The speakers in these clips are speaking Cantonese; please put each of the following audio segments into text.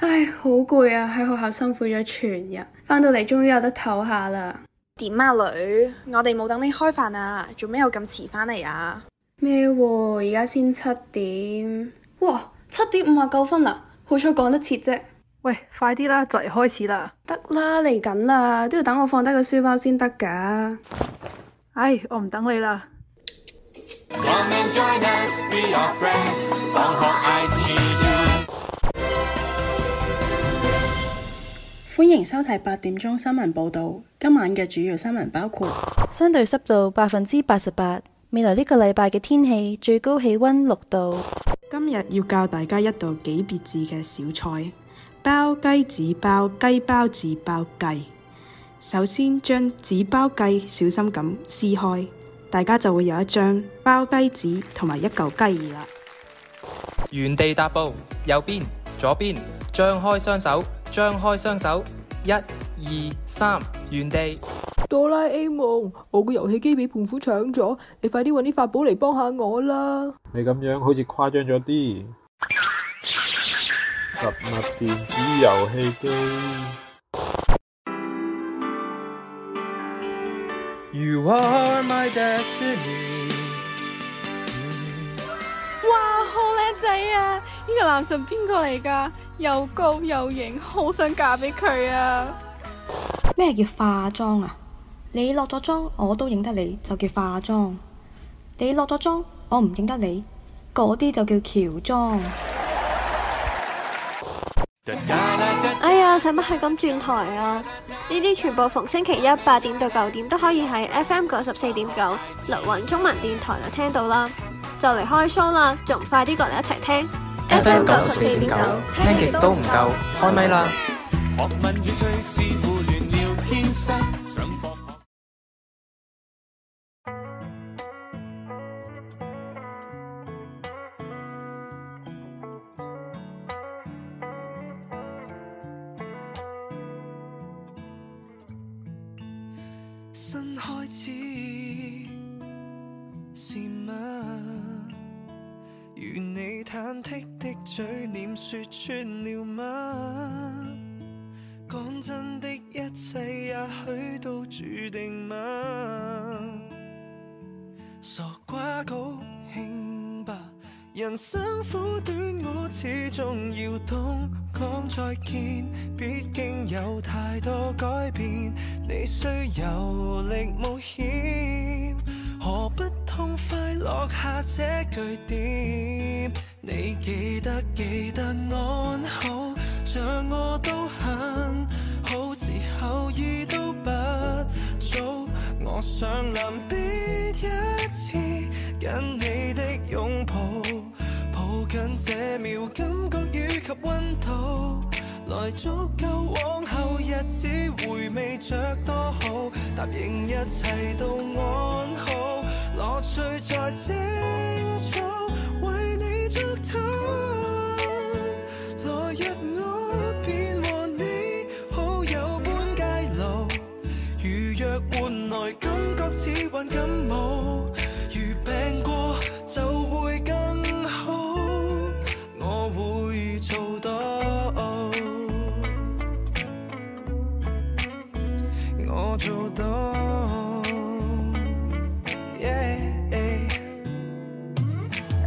唉，好攰啊！喺學校辛苦咗全日，翻到嚟終於有得唞下啦。點啊女，我哋冇等你開飯啊，做咩又咁遲翻嚟啊？咩？而家先七點？哇，七點五啊九分啦，好彩講得切啫，啊。喂，快啲啦，就嚟、是、開始啦。得啦，嚟緊啦，都要等我放低個書包先得噶。唉，哎，我唔等你啦。歡迎收睇八點鐘新聞報道。今晚嘅主要新聞包括相對濕度百分之八十八。未來呢個禮拜嘅天氣最高氣溫六度。今日要教大家一道幾別緻嘅小菜：包雞子包雞包子包，包，包雞。首先將紙包雞小心咁撕開，大家就會有一張包雞紙同埋一嚿雞翼啦。原地踏步，右邊，左邊，張開雙手。張開雙手，一二三，原地。哆啦 A 夢，我個遊戲機俾胖虎搶咗，你快啲搵啲法寶嚟幫下我啦！你咁樣好似誇張咗啲。實物電子遊戲機。You are my destiny，嗯。哇，好靚仔啊！呢個男神邊個嚟噶又高又型，好想嫁俾佢啊！咩叫化妝啊？你落咗妝，我都認得你，就叫化妝；你落咗妝，我唔認得你，嗰啲就叫喬裝。 哎呀，使乜係咁轉台啊？呢啲全部逢星期一八點到九點都可以喺 FM 九十四點九立雲中文電台就聽到啦。就嚟 開 show 啦，仲快啲過嚟一齊聽。FM 九十四點九，聽極都唔夠，開咪啦！ 若換來感覺似患感冒，如病過就會更好，我會做到，我做到。Yeah, yeah. I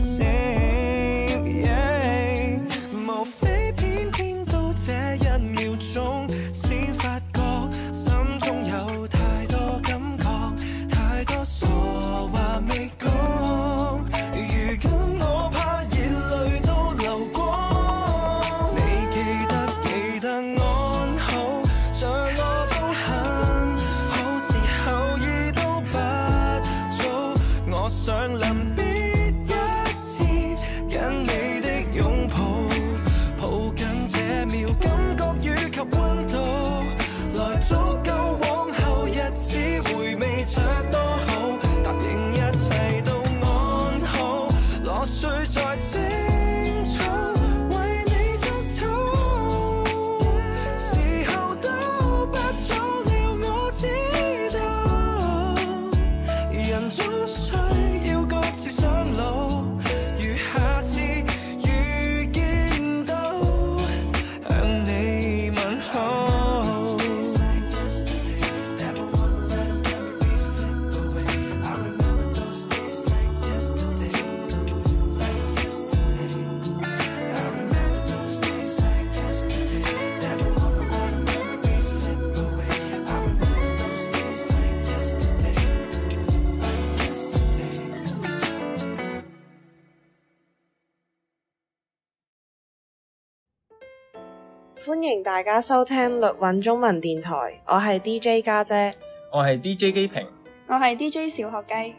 歡迎大家收聽律韻中文電台，我係 D J 家姐，姐，我係 D J 機坪，我係 D J 小學雞。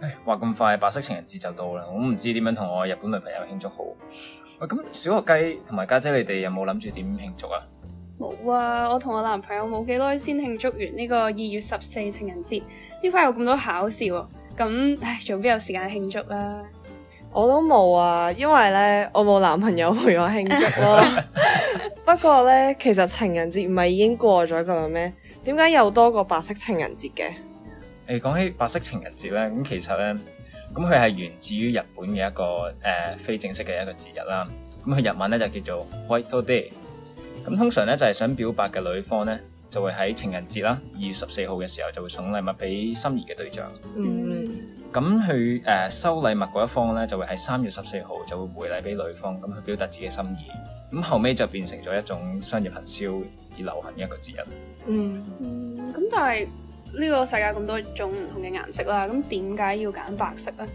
唉，話咁快，白色情人節就到啦，我都唔知點樣同我日本女朋友慶祝好。喂，咁小學雞同埋家姐，姐你哋有冇諗住點慶祝啊？冇啊，我同我男朋友冇幾耐先慶祝完呢個二月十四情人節，呢排有咁多考試喎，咁唉，仲邊有時間慶祝啊？我都冇啊，因為咧我冇男朋友陪我慶祝咯。 不過咧，其實情人節唔係已經過咗噶啦咩？點解又多個白色情人節嘅？誒、欸，講起白色情人節咧，咁其實咧，咁佢係源自於日本嘅一個誒、呃、非正式嘅一個節日啦。咁佢日文咧就叫做 White Day。咁通常咧就係想表白嘅女方咧，就會喺情人節啦，二月十四號嘅時候就會送禮物俾心儀嘅對象。嗯。咁佢誒、收禮物嗰一方咧，就會喺三月十四號就會回禮俾女方，咁去表達自己心意。咁後尾就變成咗一種商業行銷而流行嘅一個節日。嗯。嗯，咁但係呢個世界咁多種唔同嘅顏色啦，咁點解要揀白色咧？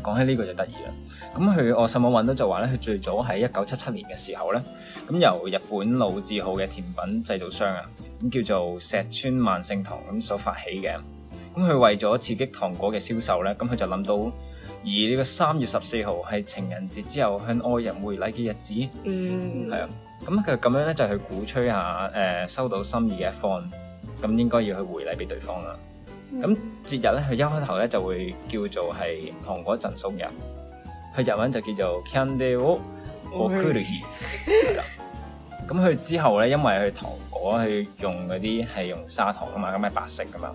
誒，講起呢個就得意啦。咁佢我上網揾到就話咧，佢最早喺一九七七年嘅時候咧，咁由日本老字號嘅甜品製造商啊，咁叫做石川萬盛堂，咁所發起嘅。咁佢為咗刺激糖果嘅銷售咧，咁佢就諗到而呢個三月十四號係情人節之後向愛人回禮嘅日子，嗯，係啊，咁佢咁樣咧就去鼓吹下誒、呃、收到心意嘅一方，咁應該要去回禮俾對方啦。咁節、嗯、日咧，佢一開頭咧就會叫做係糖果贈送日，佢日文就叫做 candio oculi，係啦。咁佢 之後咧，因為佢糖果去用嗰啲係用砂糖啊嘛，咁係白色噶嘛。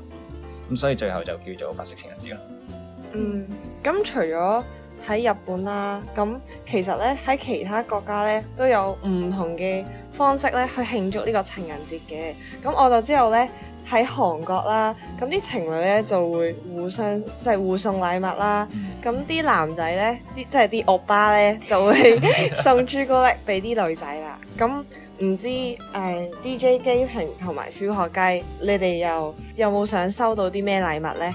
咁所以最後就叫做白色情人節啦。嗯，咁除咗喺日本啦、啊，咁其實咧喺其他國家咧都有唔同嘅方式咧去慶祝呢個情人節嘅。咁我就知道咧喺韓國啦，咁啲情侶咧就會互相即係、就係、互送禮物啦。咁啲、嗯、男仔咧，啲即係啲歐巴咧就會 送朱古力俾啲女仔啦。咁。唔知、uh, DJ 機坪同埋小學雞，你哋又，又有冇想收到啲咩禮物呢？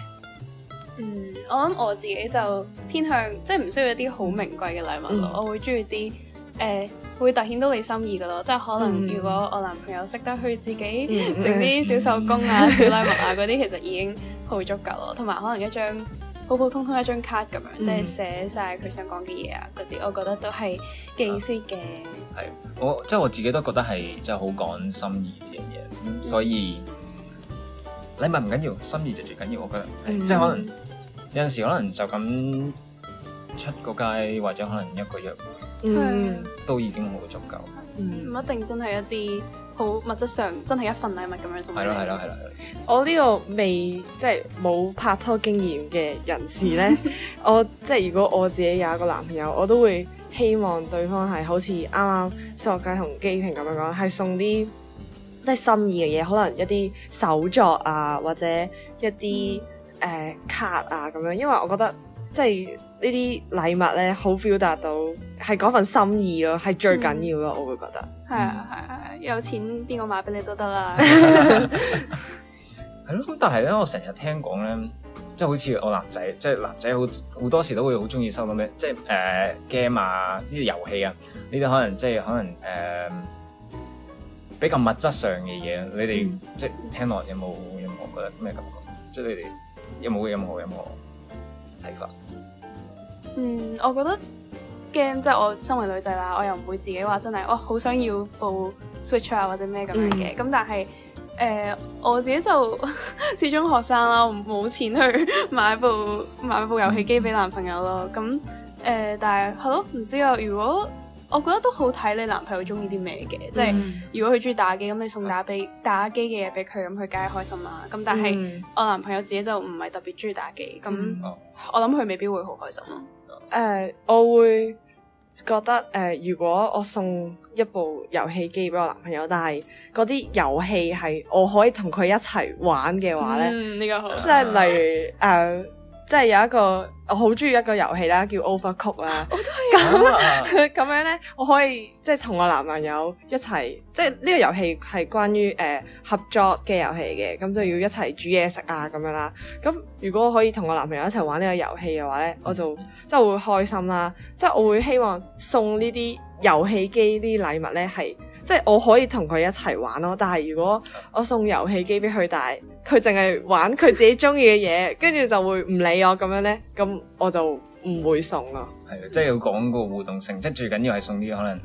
嗯、我諗我自己就偏向即係唔需要一啲好名貴嘅禮物咯，嗯、我會中意啲誒會突顯到你心意嘅咯，即係可能如果我男朋友識得去自己整啲小手工啊、小禮物啊嗰啲，其實已經好足夠咯，同埋可能一張。普普通通一張卡咁樣，即係寫晒佢想講嘅嘢啊，嗰啲我覺得都係幾 sweet 嘅、啊。係，我即係我自己都覺得係，即係好講心意呢樣嘢，所以禮物唔緊要，心意就最緊要。我覺得，嗯、即係可能有陣時可能就咁出個街或者可能一個約會，嗯、都已經冇足夠。唔、嗯嗯、一定真係一啲。好物質上真係一份禮物咁樣送。係咯係咯係咯。 我呢個未即係冇拍拖經驗嘅人士呢。 我即係如果我自己有一個男朋友，我都會希望對方係好似啱啱小學雞同機坪咁樣講，係送啲即係心意嘅嘢，可能一啲手作啊，或者一啲誒、嗯呃、卡啊咁樣，因為我覺得即係呢啲禮物呢，好表達到係嗰份心意咯，係最緊要咯，嗯、我會覺得。係啊係啊，有錢邊個買俾你都得啦。係 咯，咁 但係咧，我成日聽講咧，即係好似我男仔，即係男仔，好好多時都會好中意收到咩，即係誒 game 啊，啲遊戲啊，呢啲可能即係可能誒、uh，比較物質上嘅嘢。 你哋即係聽落有冇任何覺得咩感覺？即係你哋有冇任何任何睇法？嗯，我覺得。game 即係我身為女仔啦，我又唔會自己話真係，哇好想要部 Switch 啊或者咩咁樣嘅。咁、嗯、但係，誒、呃、我自己就始終學生啦，冇錢去買部買部遊戲機俾男朋友咯。咁誒、呃，但係係咯，唔、嗯、知啊。如果我覺得都好睇你男朋友中意啲咩嘅，即係、嗯就是、如果佢中意打機，咁你送打俾打機嘅嘢俾佢，咁佢梗係開心啦。咁但係、嗯、我男朋友自己就唔係特別中意打機，咁、嗯、我諗佢未必會好開心咯。誒，uh, 我會覺得誒，uh, 如果我送一部遊戲機俾我男朋友，但係嗰啲遊戲係我可以同佢一齊玩嘅話咧，即係、嗯、呢個好、例如誒。Uh, 即係有一個我好中意一個遊戲啦，叫 Overcooked 啦。我都係咁咁樣呢，我可以即係同我男朋友一齊，即係呢個遊戲係關於誒、呃、合作嘅遊戲嘅，咁就要一齊煮嘢食啊咁樣啦。咁如果我可以同我男朋友一齊玩呢個遊戲嘅話呢，我就即係 會開心啦。即係我會希望送呢啲遊戲機呢啲禮物呢係。即係我可以同佢一齊玩咯、哦，但係如果我送遊戲機俾佢，但係佢淨係玩佢自己中意嘅嘢，跟住就會唔理會我咁樣咧，咁我就唔會送啦。係、嗯、即、就、係、是、要講個互動性，即係最緊要係送啲可能誒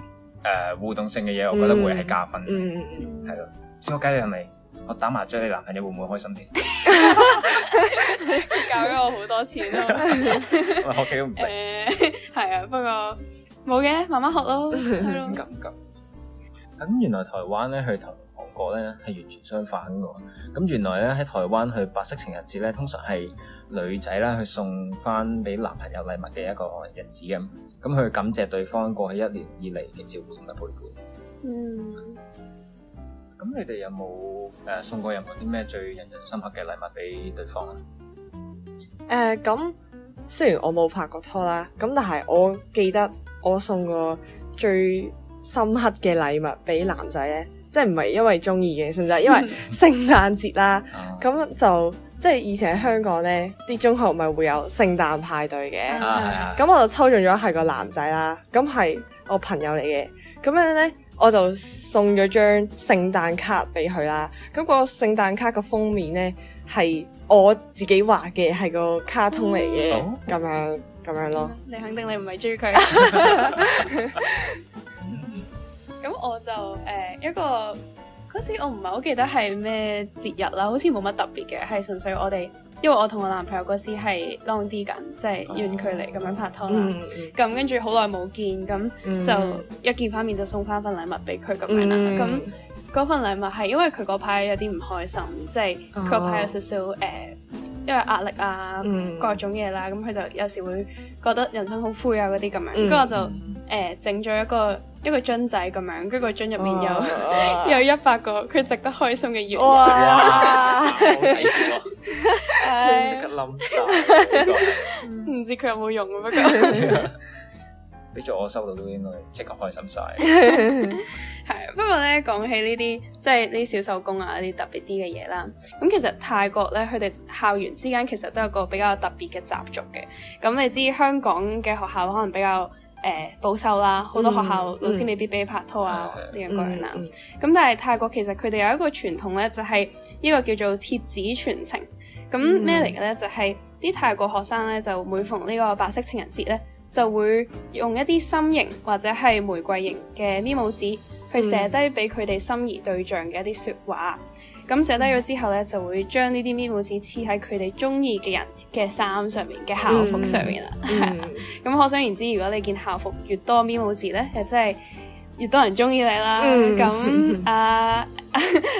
互動性嘅嘢，我覺得會係加分嗯。嗯嗯嗯，係咯，小學雞你係咪學打麻雀？你男朋友會唔會開心啲？ 教咗我好多次咯、哦， 我屋企都唔識。係、 嗯、啊，不過冇嘅，慢慢學咯。唔咁原來台灣咧，佢同韓國咧係完全相反嘅喎。咁原來咧喺台灣，佢白色情人節咧，通常係女仔啦去送翻俾男朋友禮物嘅一個日子咁。咁佢感謝對方過去一年以嚟嘅照顧同埋陪伴。嗯。咁你哋有冇誒、呃、送過任何啲咩最印象深刻嘅禮物俾對方啊？誒、呃，咁雖然我冇拍過拖啦，咁但係我記得我送過最深刻嘅禮物俾男仔咧，即係唔係因為中意嘅，甚至係因為聖誕節啦。咁 就即係以前喺香港咧，啲中學咪會有聖誕派對嘅。咁 我就抽中咗係個男仔啦。咁係我朋友嚟嘅。咁樣咧，我就送咗張聖誕卡俾佢啦。咁個聖誕卡個封面咧係我自己畫嘅，係個卡通嚟嘅。咁、嗯、樣咁、哦、樣咯。你肯定你唔係中意佢。 咁我就誒、呃、一個嗰時我唔係好記得係咩節日啦，好似冇乜特別嘅，係純粹我哋因為我同我男朋友嗰時係 long 啲緊，即係遠距離咁樣拍拖啦。咁跟住好耐冇見，咁就一見翻面就送翻份禮物俾佢咁樣啦。咁嗰、嗯、份禮物係因為佢嗰排有啲唔開心，即係佢嗰排有少少誒、啊呃、因為壓力啊、嗯、各種嘢啦，咁佢就有時會覺得人生好灰啊嗰啲咁樣，跟住、嗯嗯、我就誒整咗一個。一個樽仔咁樣，跟、那、住個樽入面有 Wow. 有一百個佢值得開心嘅願望。Wow. 哇！唔知佢有冇用？不過俾咗 我收到都應該即刻開心晒。係 不過咧，講起呢啲即係呢啲小手工啊，呢啲特別啲嘅嘢啦。咁其實泰國咧，佢哋校園之間其實都有個比較特別嘅習俗嘅。咁你知香港嘅學校可能比較。誒保守啦，好、嗯、多學校老師未必俾你拍拖啊呢樣嗰樣啦。咁、嗯嗯、但係泰國其實佢哋有一個傳統呢，就係、是、呢個叫做貼紙傳情。咁咩嚟嘅呢？嗯、就係啲泰國學生呢，就每逢呢個白色情人節呢，就會用一啲心形或者係玫瑰形嘅咪帽紙去寫低俾佢哋心儀對象嘅一啲説話。咁、嗯、寫低咗之後呢，就會將呢啲咪帽紙黐喺佢哋中意嘅人嘅衫上面嘅校服上面啦，咁、嗯、可想而知、啊啊啊，如果你件校服越多 memo 字咧，就真係越多人中意你啦。咁阿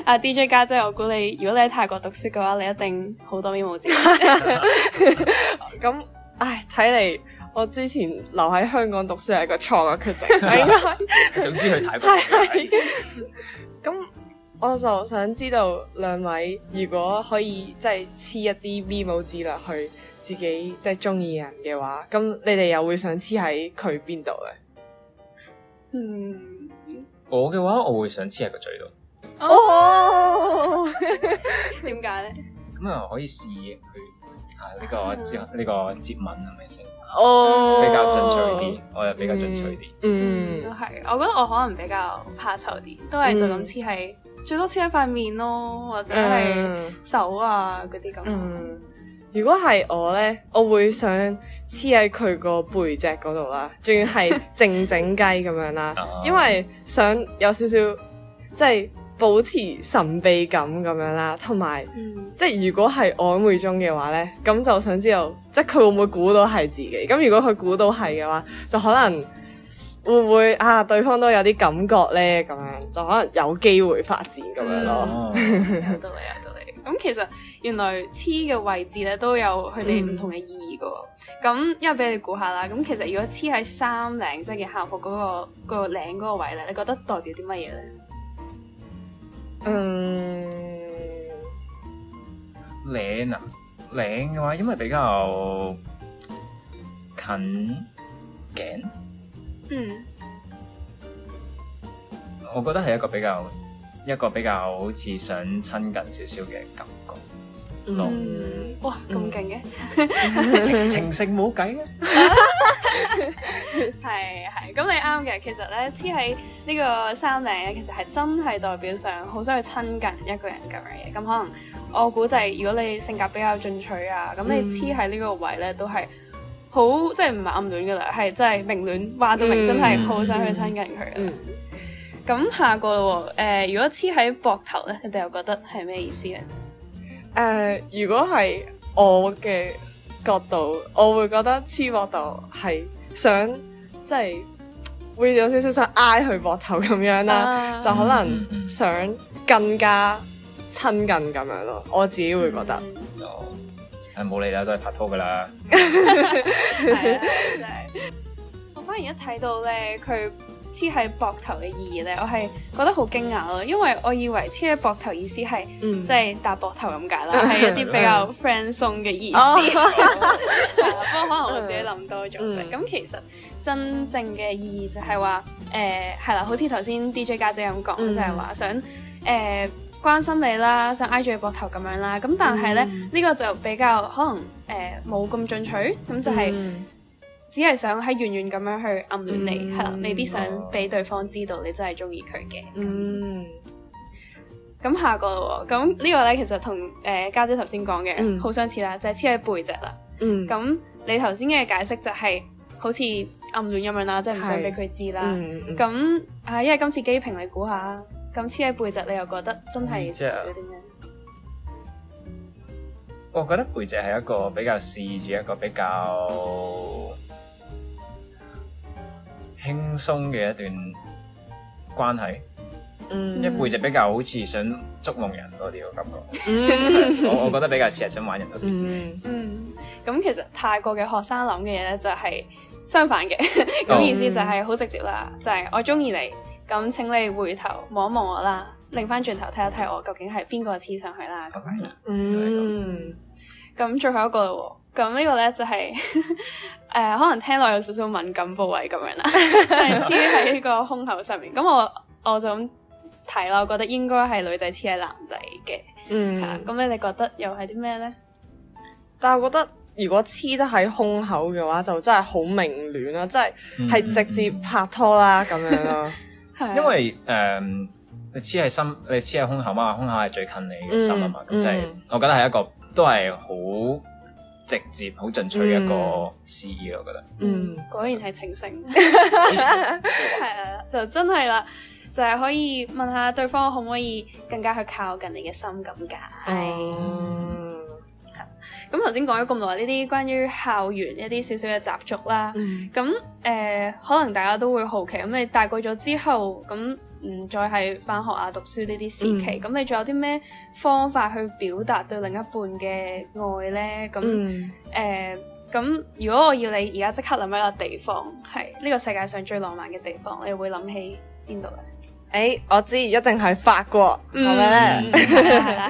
阿 DJ 家姐，我估你如果你喺泰國讀書嘅話，你一定好多 memo 字，啊。咁唉，睇嚟、哎、我之前留喺香港讀書係一個錯嘅決定，應該係。總之去泰國，係係咁。我就想知道兩位如果可以，即係黐一啲 v 母字落去自己，即係中意人嘅話，咁你哋又會想黐喺佢邊度咧？嗯，我嘅話我會想黐喺個嘴度。哦，點解咧？咁啊，可以試去吓呢個接呢個接吻係咪先？哦，oh! 比較進取啲，我又比較進取啲。嗯，都係。我覺得我可能比較怕醜啲，都係就咁黐喺。Mm. 最多黐一塊面咯，或者係手啊嗰啲咁。如果係我咧，我會想黐喺佢個背脊嗰度啦，仲 要係靜靜雞咁樣啦， 因為想有少少即係、就是、保持神秘感咁樣啦，同埋、嗯、即係如果係曖昧中嘅話咧，咁就想知道即係佢會唔會估到係自己。咁如果佢估到係嘅話，就可能。會唔會啊？對方都有啲感覺咧，咁樣就可能有機會發展咁樣咯。到你啊，到你。咁其實原來黐嘅位置咧都有佢哋唔同嘅意義噶。咁因為俾你估下啦。咁其實如果黐喺衫領，即係校服嗰個個領嗰個位咧，你覺得代表啲乜嘢咧？嗯，領啊，領嘅話，因為比較近頸。嗯，我覺得係一個比較，一個比較好似想親近少少嘅感覺。嗯，嗯，哇，咁勁嘅，情情聖冇計嘅，係係，咁你啱嘅。其實咧，黐喺呢個衫領咧，其實係真係代表上好想去親近一個人咁樣嘅。咁可能我估計，如果你性格比較進取啊，咁你黐喺呢個位咧，都係。好，即係唔係暗戀噶啦，係真係明戀，話到明真係好想去親近佢啦。咁、嗯嗯嗯、下個咯，誒、呃，如果黐喺膊頭咧，你哋又覺得係咩意思咧？誒、呃，如果係我嘅角度，我會覺得黐膊頭係想，即係會有少少想挨佢膊頭咁樣啦，啊、就可能想更加親近咁樣咯。啊嗯、我自己會覺得。誒，冇理啦，都係拍拖噶啦 。真係、就是。我反而一睇到咧，佢黐喺膊頭嘅意義咧，我係覺得好驚訝咯，嗯、因為我以為黐喺膊頭意思係，即係搭膊頭咁解啦，係一啲比較 friend 鬆嘅意思。不過可能我自己諗多咗啫。咁、嗯嗯、其實真正嘅意義就係話，誒、呃，係啦，好似頭先 D J 家姐咁講，就係話想，誒、呃。關心你啦，想捱住你膊頭咁樣啦，咁但係咧呢、嗯、個就比較可能誒冇咁進取，咁就係只係想喺遠遠咁樣去暗戀你，係啦、嗯，未必想俾對方知道你真係中意佢嘅。嗯，咁下個啦，咁呢個咧其實同誒家姐頭先講嘅好相似啦，就係黐喺背脊啦。嗯，咁你頭先嘅解釋就係好似暗戀咁樣啦，即係唔想俾佢知啦。咁啊，因為今次機坪你估下？咁黐喺背脊，你又覺得真係嗰啲，我覺得背脊係一個比較試住一個比較輕鬆嘅一段關係。嗯，一背脊比較好似想捉弄人多啲嘅感覺。我、嗯、我覺得比較似係想玩人多啲、嗯。嗯，咁其實泰國嘅學生諗嘅嘢咧就係相反嘅，咁 意思就係好直接啦，就係、是、我中意你。咁，請你回頭望一望我啦，擰翻轉頭睇一睇我究竟係邊個黐上去啦咁樣。嗯，咁、嗯、最後一個，咁呢個咧就係、是、誒、 呃，可能聽落有少少敏感部位咁樣啦，黐喺 個胸口上面。咁我我就咁睇啦，我覺得應該係女仔黐喺男仔嘅。嗯，咁、啊、你哋覺得又係啲咩咧？但係我覺得如果黐得喺胸口嘅話，就真係好明戀咯，即係係直接拍拖啦咁 這樣咯。 因為誒、呃，你黐喺心，你黐喺胸口嘛，胸口係最近你嘅心啊、嗯嗯、嘛，咁即係，我覺得係一個都係好直接、好進取嘅一個示意、嗯、我覺得。嗯，果然係情聖，係啊，就真係啦，就係、是、可以問下對方可唔可以更加去靠近你嘅心咁解。係、嗯。 咁頭先講咗咁耐呢啲關於校園一啲少少嘅習俗啦，咁誒、嗯呃、可能大家都會好奇，咁你大個咗之後，咁唔再係返學啊讀書呢啲時期，咁、嗯、你仲有啲咩方法去表達對另一半嘅愛呢？咁誒咁，嗯呃、如果我要你而家即刻諗一個地方，係呢、這個世界上最浪漫嘅地方，你會諗起邊度呢？誒，我知一定係法國，係咪咧？係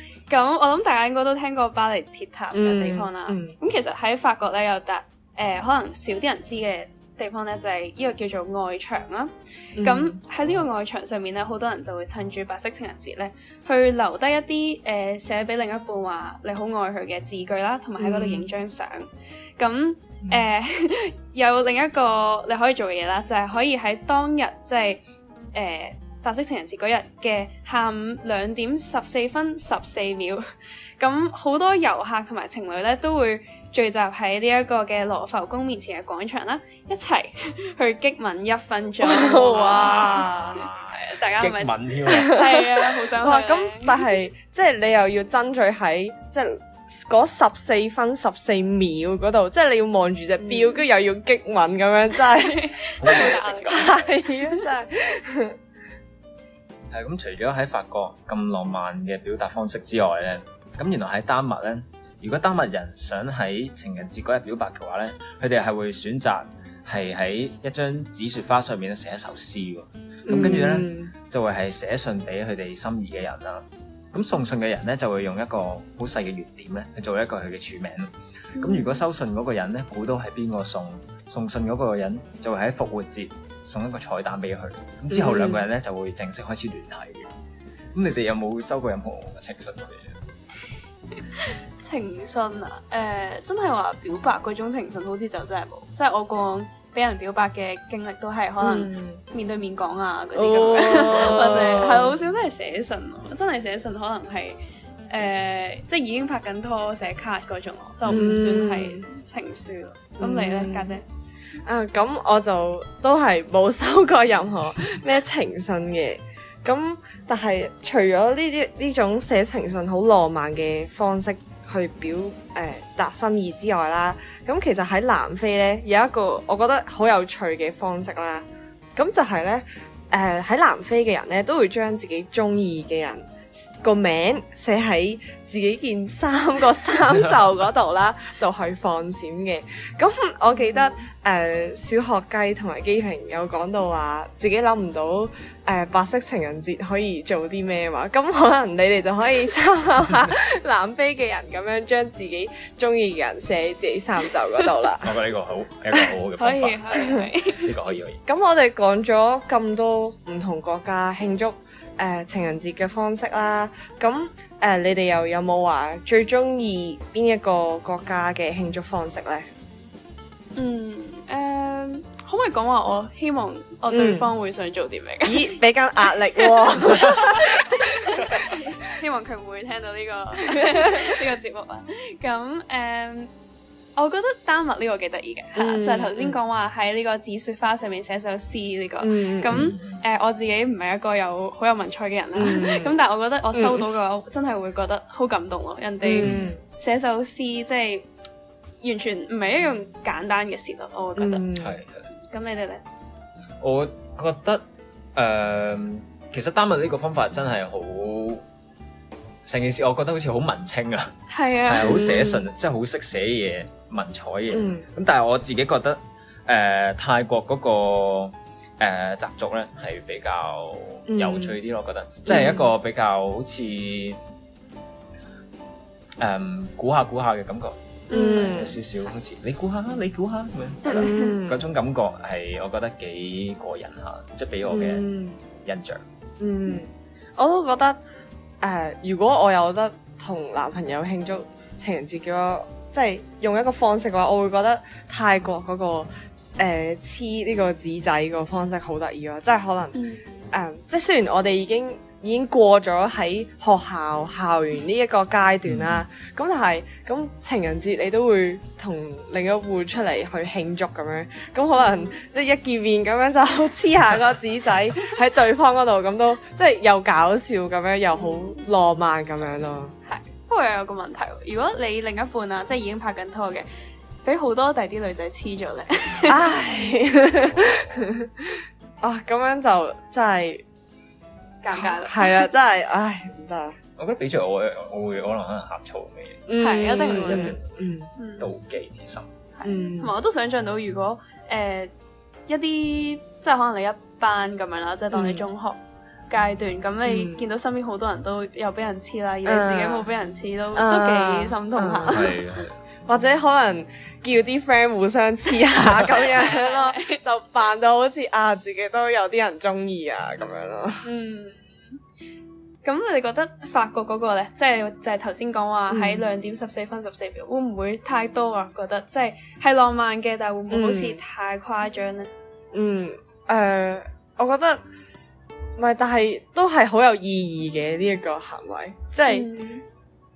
咁我諗大家應該都聽過巴黎鐵塔嘅地方啦。咁、嗯嗯、其實喺法國咧有笪誒、呃，可能少啲人知嘅地方咧，就係、是、呢個叫做外牆啦、啊。咁喺呢個外牆上面咧，好多人就會趁住白色情人節咧，去留低一啲誒，寫、呃、俾另一半話你好愛佢嘅字句啦，同埋喺嗰度影張相。咁誒、嗯，呃嗯、 有另一個你可以做嘅嘢啦，就係、是、可以喺當日即係誒。就是呃白色情人節嗰日嘅下午兩點十四分十四秒，咁好多遊客同埋情侶咧都會聚集喺呢一個嘅羅浮宮面前嘅廣場啦，一齊去激吻一分鐘哇！大家激吻添，係啊，好想，咁但係即係你又要爭取喺即係嗰十四分十四秒嗰度，即係你要望住隻錶，跟住又要激吻咁樣，真係，係啊，真係。係咁，除咗喺法國咁浪漫嘅表達方式之外咧，咁原來喺丹麥咧，如果丹麥人想喺情人節嗰日表白嘅話咧，佢哋係會選擇係喺一張紙雪花上面咧寫一首詩喎。咁跟住咧就會係寫信俾佢哋心儀嘅人啦。咁送信嘅人咧就會用一個好細嘅原點咧去做一個佢嘅署名。咁、嗯、如果收信嗰個人咧，估到係邊個送送信嗰個人就會喺復活節。送一個彩蛋俾佢，咁之後兩個人咧就會正式開始聯繫。咁、嗯、你哋有冇收過任何嘅情信佢？ 情信啊？誒、呃，真係話表白嗰種情信，好似就真係冇。即係我講俾人表白嘅經歷，都係可能面對面講啊嗰啲咁，或者係好少真係寫信啊。真係寫信，可能係誒、呃，即係已經拍緊拖寫卡嗰種，嗯、就唔算係情書咯。咁、嗯、你咧，家姐，姐？啊，咁、uh, 我就都係冇收過任何咩情信嘅。咁但係除咗呢啲呢種寫情信好浪漫嘅方式去表誒達、呃、心意之外啦，咁其實喺南非呢，有一個我覺得好有趣嘅方式啦，咁就係呢，誒、呃、喺南非嘅人呢，都會將自己中意嘅人個名寫喺自己件衫個衫袖嗰度啦，就係放閃嘅。咁我記得誒小學雞同埋機坪有講到話，自己諗唔到誒白色情人節可以做啲咩嘛。咁可能你哋就可以參考下南非嘅人咁樣，將自己中意嘅人寫喺自己衫袖嗰度啦。我覺得呢個好，一個好好嘅方法。呢個可以可以。咁我哋講咗咁多唔同國家慶祝誒、呃，情人節嘅方式啦，咁誒、呃，你哋又有冇話最中意邊一個國家嘅慶祝方式咧？嗯，誒、呃，可唔可以講話我希望我對方會想做啲咩，嗯？咦，俾緊壓力喎！ 希望佢唔會聽到呢，這個呢 個節目啊！咁誒、呃我覺得丹麥呢個幾得意嘅，係就係頭先講話喺呢個紫雪花上面寫首詩呢個，咁誒我自己唔係一個有好有文采嘅人啦，咁但係我覺得我收到嘅話，我真係會覺得好感動咯，人哋寫首詩，即係完全唔係一樣簡單嘅事咯，我會覺得。係。咁你哋咧？我覺得誒，其實丹麥呢個方法真係好成件事，我覺得好似好文青啊，係啊，係好寫順，真係好識寫嘢。文采嘅，咁、嗯、但係我自己覺得，誒、呃、泰國嗰、那個誒習俗咧係比較有趣啲咯，我覺得即係、嗯、一個比較好似誒、嗯、估下估下嘅感覺，嗯、有少少好似你估下，你估下咁樣，嗰種感覺係我覺得幾過癮吓，即係俾我嘅印象。嗯，嗯嗯我都覺得誒、呃，如果我有得同男朋友慶祝情人節嘅話。即係用一個方式嘅話，我會覺得泰國嗰、那個誒黐呢個紙仔個方式好得意咯。即係可能誒、嗯嗯，即係雖然我哋已經已經過咗喺學校校園呢一個階段啦，咁、嗯、但係咁情人節你都會同另一戶出嚟，去慶祝咁樣，咁可能即一見面咁樣就黐下個紙仔喺 對方嗰度，咁都即係又搞笑咁樣，又好浪漫咁樣咯。會有個問題，如果你另一半啊，即係已經拍緊拖嘅，俾好多第啲女仔黐咗咧，唉，啊，咁樣就真係尷尬啦，係啊，真係，唉，唔得。我覺得俾咗我，我會我可能可能呷醋嘅嘢，係、嗯、一定會有，嗯，嗯妒忌之心，嗯，同埋我都想象到，如果誒、呃、一啲即係可能你一班咁樣啦，即係、就是、當你中學。嗯階段咁，你、嗯、見到身邊好多人都有俾人黐啦，而你自己冇俾人黐都、嗯、都幾心痛下。嗯、 或者可能叫啲 friend 互相黐下咁 樣咯， 就扮到好似啊自己都有啲人中意啊咁樣咯。嗯，咁 你哋覺得法國嗰個呢？即係就係頭先講話喺兩點十四分十四秒，嗯、會唔會太多啊？覺得即係係浪漫嘅，但會唔會好似太誇張呢？嗯，誒、呃，我覺得。唔係，但係都係好有意義嘅呢一個行為，即係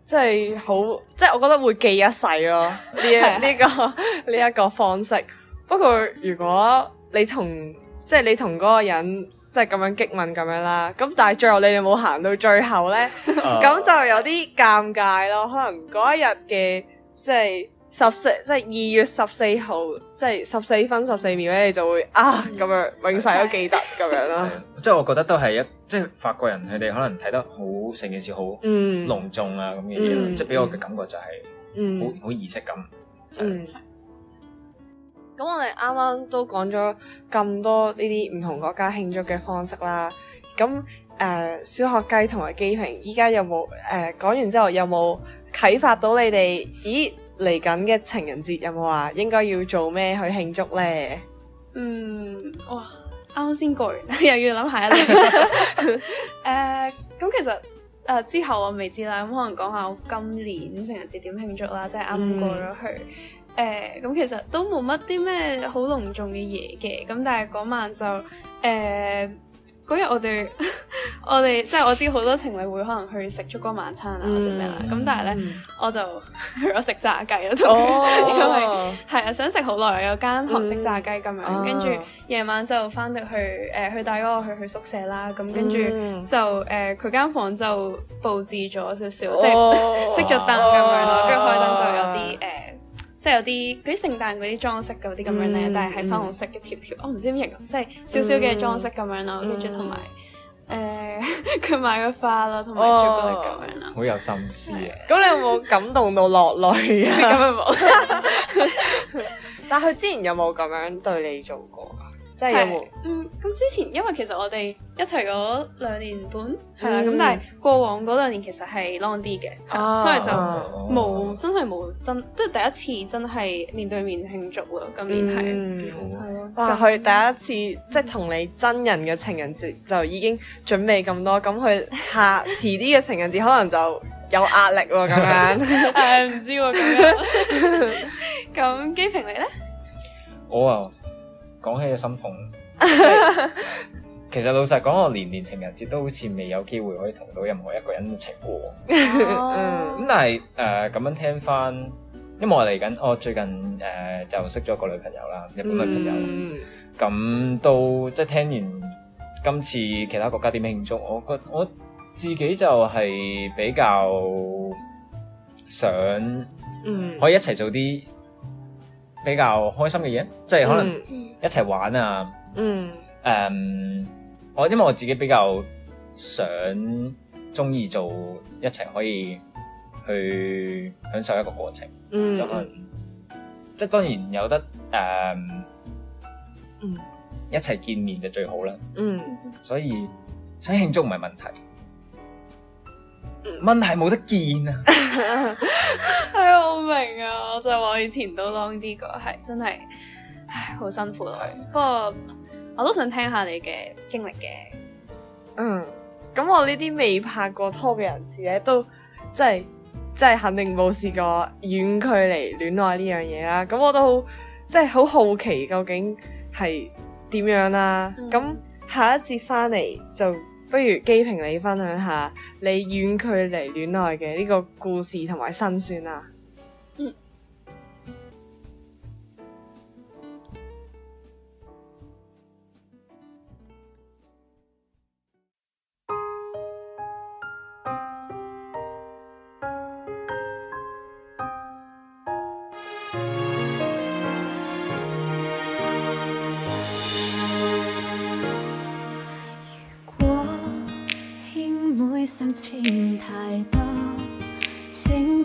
即係好，即係、嗯、我覺得會記一世咯。呢呢、 呢個呢一、呢個方式。 不過如果你同即係你同嗰個人即係咁樣激吻咁樣啦，咁但係最後你哋冇行到最後咧，咁、uh、 就有啲尷尬咯。可能嗰一日嘅即係。十四即係二月十四號，即係十四分十四秒咧，你就會啊咁樣永世都記得咁樣啦。即係我覺得都係一即係法國人，佢哋可能睇得好成件事好隆重啊咁嘅嘢咯。即係俾我嘅感覺就係好好儀式感。咁我哋啱啱都講咗咁多呢啲唔同國家慶祝嘅方式啦。咁誒，小學雞同埋機坪，依家有冇誒講完之後有冇啟發到你哋？咦？嚟緊嘅情人節有冇話應該要做咩去慶祝咧？嗯，哇！啱先過完又要諗下啦。誒、 呃，咁其實誒、呃、之後我未知啦，咁可能講下我今年情人節點慶祝啦，即係啱過咗去。誒、嗯，咁、呃、其實都冇乜啲咩好隆重嘅嘢嘅，咁但係嗰晚就誒。呃嗰日我哋 我哋即係，我知好多情侶會可能去食燭光晚餐啊、mm. 或者咩啦，咁但係咧、mm. 我就去咗食炸雞咯，oh, oh. 因為係啊想食好耐有間韓式炸雞咁、mm. 樣，跟住夜晚就翻到去誒、呃、去帶嗰個去去宿舍啦，咁跟住就誒佢、呃、間房就佈置咗少少，即係熄咗燈咁樣咯，跟住開燈就有啲誒。呃即係有啲嗰啲聖誕嗰啲裝飾嗰啲咁樣咧，嗯、但係係粉紅色嘅條條，我唔、嗯哦、知點形容，嗯、即係少少嘅裝飾咁樣咯。跟住同埋誒佢買嘅花咯，同埋朱古力咁樣咯、哦。好有心思啊！咁是你有冇感動到落淚啊？咁又冇。但佢之前有冇咁樣對你做過啊？真有嗯，咁之前，因為其實我哋一齊嗰兩年半係啦，咁但係過往嗰兩年其實係 long 啲嘅，所以就冇真係冇真，即係第一次真係面對面慶祝啦。今年係係咯，但係第一次即係同你真人嘅情人節就已經準備咁多，咁佢下遲啲嘅情人節可能就有壓力咁樣。誒唔知喎咁樣。咁機坪你咧？我啊～講起又心痛，其實老實講，我年年情人節都好似未有機會可以同到任何一個人一齊過。咁但係誒咁樣聽翻，因為我嚟緊，我最近誒就識咗個女朋友啦，日本女朋友。咁到即係聽完今次其他國家點慶祝，我覺我自己就係比較想，嗯，可以一齊做啲。比較開心嘅嘢，即係可能一齊玩啊，誒、嗯，um, 我因為我自己比較想中意做一齊可以去享受一個過程，嗯、就係即係當然有得誒，um, 嗯，一齊見面就最好啦，嗯，所，所以想慶祝唔係問題。蚊係冇得見啊 哎！係我明啊，我就話以前都當啲過係真係，唉，好辛苦咯、啊。不過我都想聽下你嘅經歷嘅。嗯，咁我呢啲未拍過拖嘅人士咧，都即係即係肯定冇試過遠距離戀愛呢樣嘢啦。咁我都好，即係好好奇究竟係點樣啦、啊。咁、嗯、下一節翻嚟就。不如機坪，你分享下你遠距離戀愛嘅呢個故事同埋辛酸啊。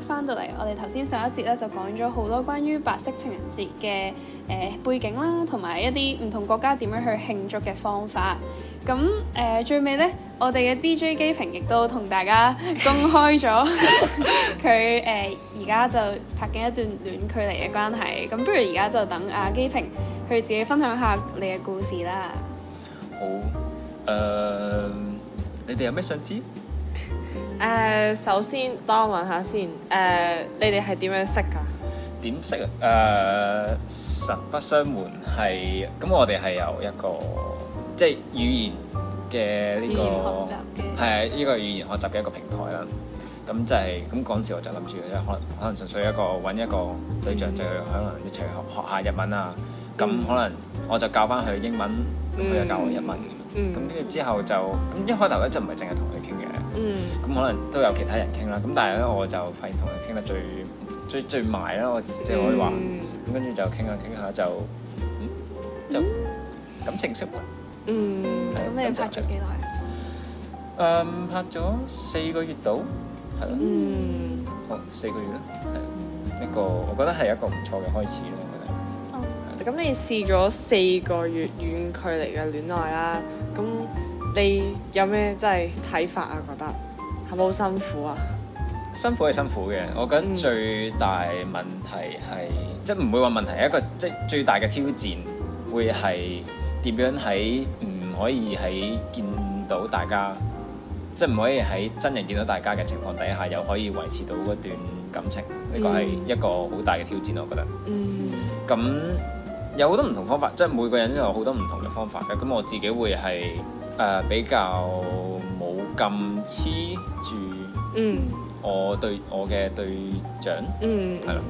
翻到嚟，我哋頭先上一節咧就講咗好多關於白色情人節嘅誒、呃、背景啦，同埋一啲唔同國家點樣去慶祝嘅方法。咁誒、呃、最尾呢，我哋嘅 DJ 機坪亦都同大家公開咗佢誒而家就拍緊一段遠距離嘅關係。咁不如而家就等阿、啊、機坪去自己分享下你嘅故事啦。好誒、呃，你哋有咩想知？誒，uh, 首先當我問下先，誒、uh，你哋係點樣識噶？點識啊？誒，實不相瞞係，咁我哋係有一個即係、就是、語言嘅呢、呢個係啊呢個語言學習嘅一個平台啦。咁即係咁陣時我就諗住，即係可能可能純粹一個搵一個對象，嗯、就去可能一齊學學下日文啊。咁、嗯、可能我就教返佢英文，佢又、嗯、教我日文。咁跟住之後就咁一開頭咧就唔係淨係同你傾偈。嗯，咁可能都有其他人傾啦，咁但係咧我就發現同佢傾得最最最埋啦，我即係可以話，咁跟住就傾下傾下就，就感情熟。嗯，咁你拍咗幾耐啊？誒，拍咗四個月度，係咯。嗯，哦，四個月啦，係一個，我覺得係一個唔錯嘅開始啦，我覺得。咁你試咗四個月遠距離嘅戀愛啦，咁。你有咩即係睇法啊？覺得係咪好辛苦啊？辛苦係辛苦嘅，嗯、我覺得最大問題係即係唔會話問題係一個即係、就是、最大嘅挑戰，會係點樣喺唔可以喺見到大家，即係唔可以喺真人見到大家嘅情況底下，又可以維持到嗰段感情，呢個係一個好大嘅挑戰，嗯、我覺得。嗯。咁有好多唔同方法，即、就、係、是、每個人都有好多唔同嘅方法嘅。咁我自己會係。誒、uh, 比較冇咁黐住、mm.，mm. 的嗯，我對我嘅對象，嗯，係咯，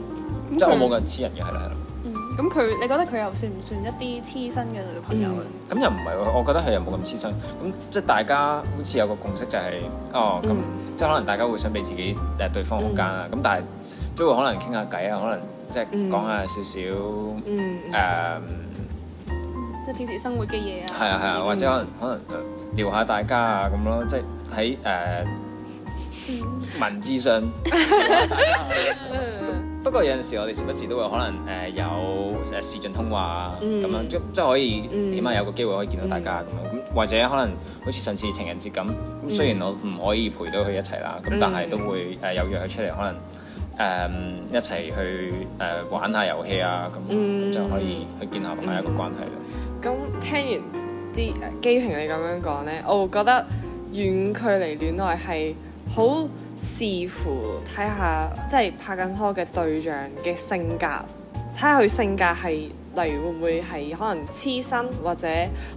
即係我冇咁黐人嘅，係啦，係啦，嗯，咁佢，你覺得佢又算唔算一啲黐身嘅女朋友咧？咁、mm. 又唔係喎，我覺得佢又冇咁黐身，咁即係大家好似有個共識就係、是，哦，咁、mm. 即係可能大家會想俾自己誒對方空間啊，咁、mm. 但係即會可能傾下偈啊，可能即係、mm. 講下少少誒。Mm. Um, 即係平時生活嘅嘢啊，係啊係啊， 或者可能可能聊下大家啊咁咯，即係喺誒文字上。 不過有陣時我哋時不時都會可能誒、呃、有誒視訊通話啊、咁、嗯、樣即即可以起碼有個機會可以見到大家咁、嗯、樣，咁或者可能好似上次情人節咁，咁、嗯、雖然我唔可以陪到佢一齊啦，咁、嗯、但係都會誒有約佢出嚟，可能誒、呃、一齊去誒、呃、玩下遊戲啊咁，咁就可以去建立下一個關係啦。嗯嗯咁聽完啲機坪，你咁樣講呢，我會覺得遠距離戀愛係好視乎睇下，即係拍緊拖嘅對象嘅性格，睇下佢性格係。例如會唔會係可能黐身，或者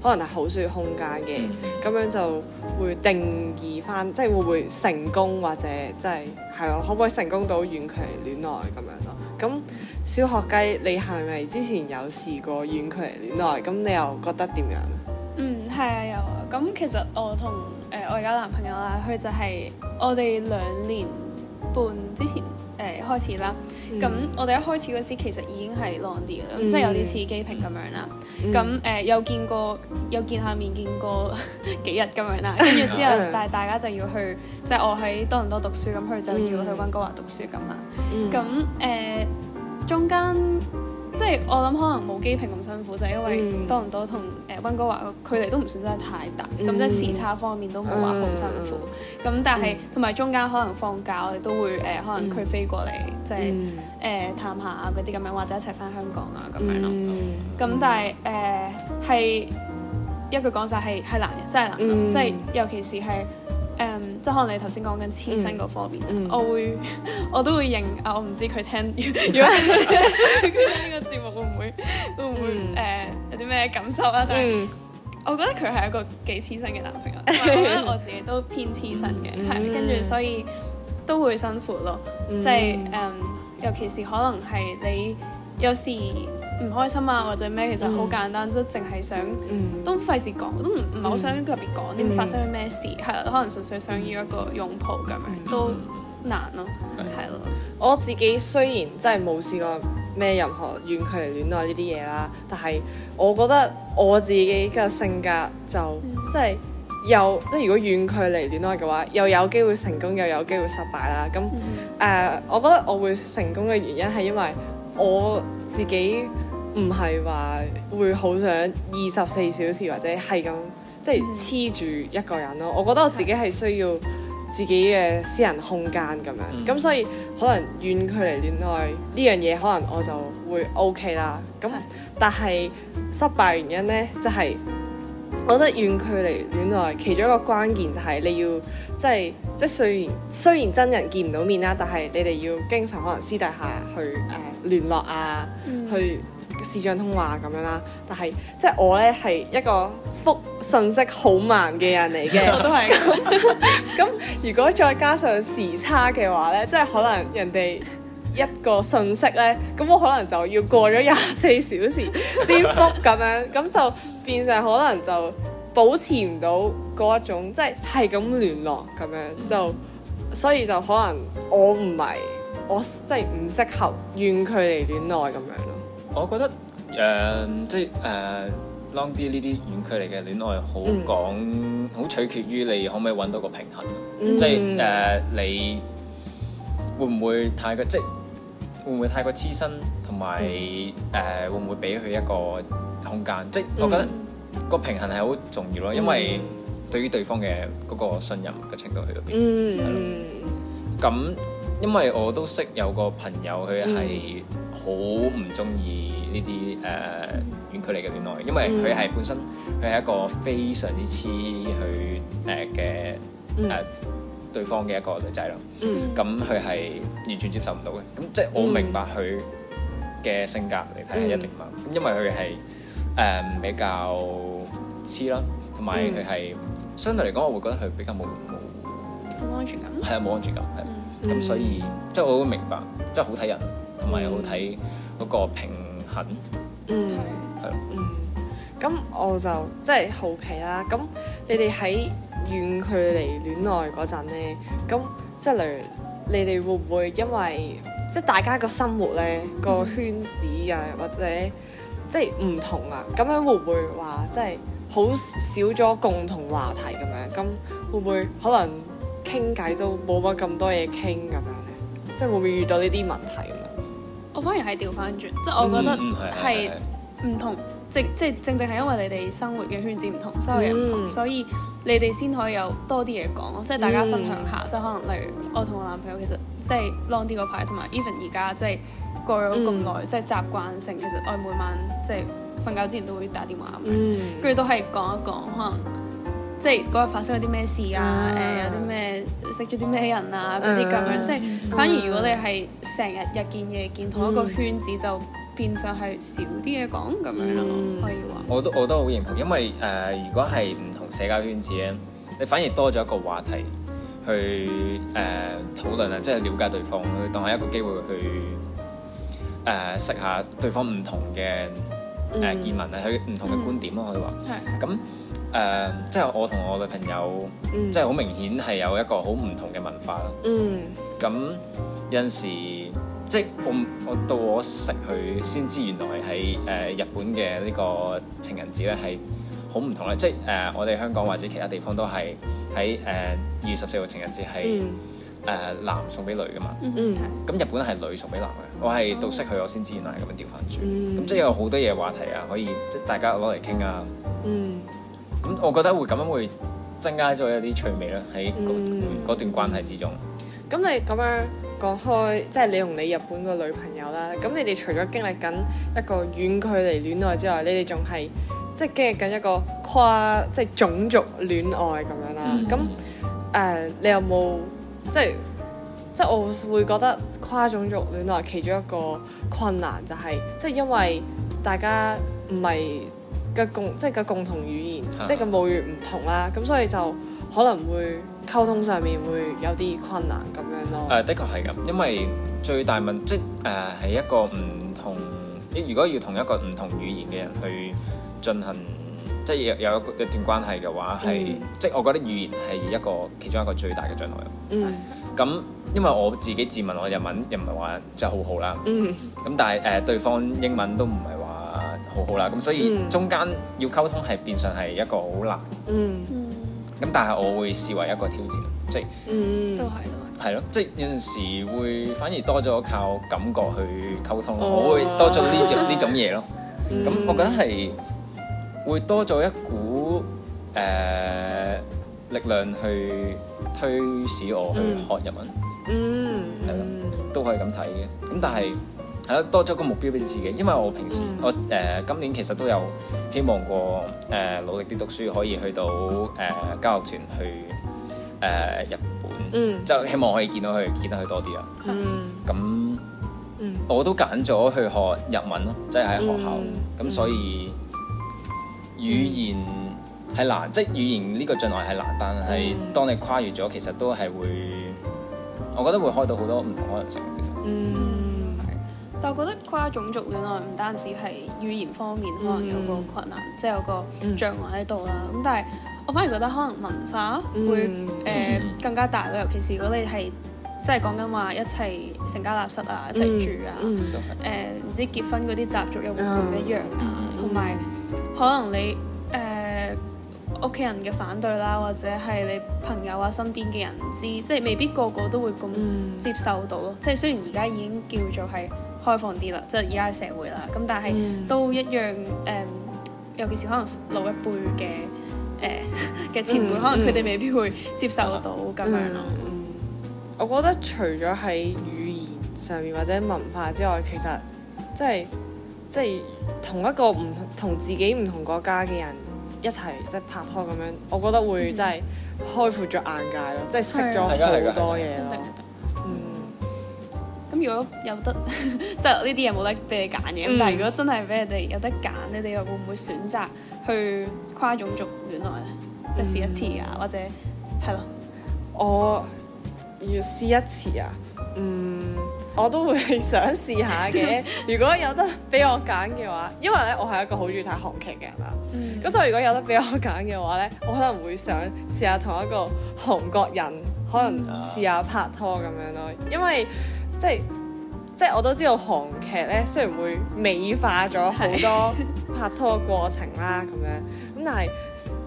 可能係好少空間嘅，咁、嗯、樣就會定義返，即係會唔會成功，或者即係係咯，可唔可以成功到遠距離戀愛咁樣咯？咁、嗯、小學雞，你係咪之前有試過遠距離戀愛？咁你又覺得點樣啊？嗯，係啊，有啊。咁其實我同誒、呃、我而家男朋友啦，佢就係我哋兩年半之前誒、呃、開始啦。咁、嗯、我哋一開始嗰時其實已經係浪啲啦，嗯、即係有啲似機坪咁樣啦。咁誒、嗯呃、又見過，有見下面見過 幾日咁樣啦。跟住之後， 但係大家就要去，即、就、係、是、我喺多倫多讀書，咁佢就要去温哥華讀書咁啦。咁誒、嗯呃、中間。即係我諗可能冇機坪咁辛苦，就係、是、因為多倫多同誒温哥華個距離都唔算真係太大，咁、嗯、即係時差方面都冇話好辛苦。咁、嗯、但係同埋中間可能放假我哋都會誒、呃、可能佢飛過嚟，即係誒探下嗰啲咁樣，或者一齊翻香港啊咁樣咯。咁、嗯、但係誒係一句講晒，係係難嘅，真係難，即係、嗯、尤其是係。誒，即係可能你頭先講緊黐身嗰方面，嗯嗯、我會 我都會認啊，我唔知佢聽，如果佢呢個節目會唔會、嗯、會唔會誒、uh, 有啲咩感受呀？嗯、但係我覺得佢係一個幾黐身嘅男朋友， 我覺得我自己都偏黐身嘅，係跟住所以都會辛苦咯，即係誒，就係 um, 尤其是可能係你有時。唔開心啊，或者咩？其實好簡單，都淨係想，嗯、都費事講，都唔唔係好想特別講啲、嗯、發生咩事。係啦、嗯，可能純粹想要一個擁抱咁樣，嗯、都難咯、啊，係咯、嗯。了我自己雖然真係冇試過咩任何遠距離戀愛呢啲嘢啦，但係我覺得我自己嘅性格就即係又即係如果遠距離戀愛嘅話，又有機會成功，又有機會失敗啦。咁誒，嗯嗯 uh, 我覺得我會成功嘅原因係因為我自己。唔係話會好想二十四小時或者係咁即係黐住一個人咯。嗯、我覺得我自己係需要自己嘅私人空間咁樣。咁、嗯、所以可能遠距離戀愛呢樣嘢，可能我就會 OK 啦。咁、嗯、但係失敗原因呢，就係、是、我覺得遠距離戀愛其中一個關鍵就係你要即係即係雖然雖然真人見唔到面啦，但係你哋要經常可能私底下去誒、呃、聯絡啊，嗯、去。視像通話咁樣啦，但係即係我咧係一個覆信息好慢嘅人嚟嘅，我都係咁。咁 如果再加上時差嘅話咧，即係可能人哋一個信息咧，咁我可能就要過咗廿四小時先覆咁樣，咁 就變成可能就保持唔到一種，即係係咁聯絡咁樣，就所以就可能我唔係我即係唔適合遠距離戀愛咁樣咯。我覺得誒，uh, 即係誒 long 啲呢啲遠距離嘅戀愛，好講，好、mm. 取決於你可唔可以揾到個平衡。即係誒，uh, 你會唔會太過即係會唔會太過黐身，同埋誒會唔會俾佢一個空間？Mm. 即係我覺得個平衡係好重要咯，mm. 因為對於對方嘅嗰個信任嘅程度去到邊。係咯。嗯。咁，因為我都識有個朋友、mm.，佢 係樂。好唔中意呢啲誒遠距離嘅戀愛，因為佢係本身佢係、嗯、一個非常之黐佢誒嘅誒對方嘅一個女仔啦。咁佢係完全接受唔到嘅。咁即係我明白佢嘅性格嚟睇係一定唔啱、嗯，因為佢係誒比較黐啦，同埋佢係相對嚟講，我會覺得佢比較冇冇冇安全感。係啊，冇安全感。係咁，所以即係、就是、我會明白，即係好睇人。同埋好睇個平衡，嗯，係咯的，嗯，咁我就即係好奇啦。咁你哋喺遠距離戀愛嗰陣咧，咁即係例如你哋會唔會因為即係大家個生活咧，個圈子啊，嗯、或者即係唔同啊，咁樣會唔會話即係好少咗共同話題咁樣，咁會唔會可能傾偈都冇乜咁多嘢傾咁樣咧？即係會唔會遇到呢啲問題？我反而係調翻轉，即係我覺得係唔同，嗯、係係係即即正正係因為你哋生活嘅圈子唔同，生活又唔同，所以，、嗯、所以你哋先可以有多啲嘢講咯。即係大家分享下，嗯、即係可能例如我同我男朋友其實即係 long 啲嗰排，同埋 even 而家即係過咗咁耐，即係、嗯、習慣性其實我每晚即係瞓覺之前都會打電話噉樣，跟住、嗯、都係講一講可能。即係嗰日發生咗啲咩事啊？誒，有啲咩識咗啲咩人啊？嗰啲咁樣，即係反而如果你係成日日見夜見同一個圈子，就變相係少啲嘢講咁樣咯。可以話，我都我都好認同，因為誒，如果係唔同社交圈子咧，你反而多咗一個話題去誒討論啊，即係了解對方，當係一個機會去誒識下對方唔同嘅誒見聞啊，佢唔同嘅觀點咯，可以話係咁。誒，uh，即係我同我女朋友，嗯、即係好明顯係有一個好唔同嘅文化啦。嗯，咁有陣時，即係我我到我識佢先知，原來喺誒、呃、日本嘅呢個情人節咧係好唔同啦。即係誒、呃、我哋香港或者其他地方都係喺誒二十四號情人節係誒男送俾女㗎嘛。咁、嗯、日本係女送俾男嘅。我係到識佢、哦、我先知原來係咁樣調返轉。咁、嗯、即係有好多嘢話題啊，可以即係大家攞嚟傾啊。嗯。嗯。咁我覺得會咁樣會增加咗一啲趣味啦。喺嗰、嗯、段關係之中。咁你咁樣講開，即係你同你日本個女朋友啦。咁你哋除咗經歷緊一個遠距離戀愛之外，你哋仲係即係經歷緊一個跨即係種族戀愛咁樣啦。咁誒、嗯呃，你有冇即係即係我會覺得跨種族戀愛其中一個困難就係即係因為大家唔係嘅共即係嘅共同語言，嗯、即係嘅母語唔同啦，咁所以就可能會溝通上面會有啲困難咁樣咯、啊。誒的確係咁，因為最大問即係誒係一個唔同，如果要同一個唔同語言嘅人去進行即係有有一段關係嘅話，係、嗯、即係我覺得語言係一個其中一個最大嘅障礙。嗯。咁因為我自己自問我日文又唔係話即係好好啦。嗯。咁 但係誒、呃、對方英文都唔係話。好好啦，咁所以中間要溝通係變成係一個好難，咁但係我會視為一個挑戰，即係，都係，係咯，即係有陣時會反而多咗靠感覺去溝通，我會多咗呢種呢種嘢咯，咁我覺得係會多咗一股誒力量去推使我去學日文，嗯，係咯，都可以咁睇嘅，咁但係。係咯，多咗個目標俾自己，因為我平時、嗯、我誒、呃、今年其實都有希望過誒、呃、努力啲讀書，可以去到誒交流團去誒、呃、日本，嗯、就希望可以見到佢，見得佢多啲啦。咁，我都揀咗去學日文咯，即係喺學校。咁、嗯、所以語言係難，嗯、即係語言呢個障礙係難，但係當你跨越咗，其實都係會，我覺得會開到好多唔同可能性。嗯。嗯。但我覺得跨種族戀愛唔單止係語言方面可能有個困難，mm hmm. 即係有個障礙喺度啦。咁、mm hmm. 但係我反而覺得可能文化會誒、mm hmm. 呃、更加大咯。尤其是如果你係即係講緊話一齊成家立室、mm hmm. 啊，一齊住啊，誒唔知結婚嗰啲習俗又會唔一樣啊。同埋、mm hmm. 可能你誒屋企人嘅反對啦，或者係你朋友啊、身邊嘅人知，即係未必個個都會咁接受到咯。即係、mm hmm. 雖然而家已經叫做係。開放啲啦，即係而家嘅社會啦。咁但係、嗯、都一樣誒、嗯，尤其是可能老一輩嘅誒嘅前輩，嗯嗯、可能佢哋未必會接受到咁、嗯、樣咯、嗯。我覺得除咗喺語言上面或者文化之外，其實即係即係同一個唔同自己唔同國家嘅人一齊即係拍拖咁樣，我覺得會真係開闊咗眼界咯，即係、嗯、識咗好多嘢咯。咁如果有得，即係呢啲嘢冇得俾你揀嘅。嗯、但係如果真係俾你哋有得揀，你哋又會唔會選擇去跨種族戀愛咧？即係、嗯、試一次啊，或者係咯？我要試一次啊？嗯，我都會想試下嘅。 如果有得俾我揀嘅話，因為咧我係一個好中意睇韓劇嘅人啦。咁、嗯、所以如果有得俾我揀嘅話咧，我可能會想試下同一個韓國人，可能試下拍拖咁樣咯。嗯、因為即係，即係，我都知道韓劇咧，雖然會美化咗好多拍拖嘅過程啦，咁 樣咁，但係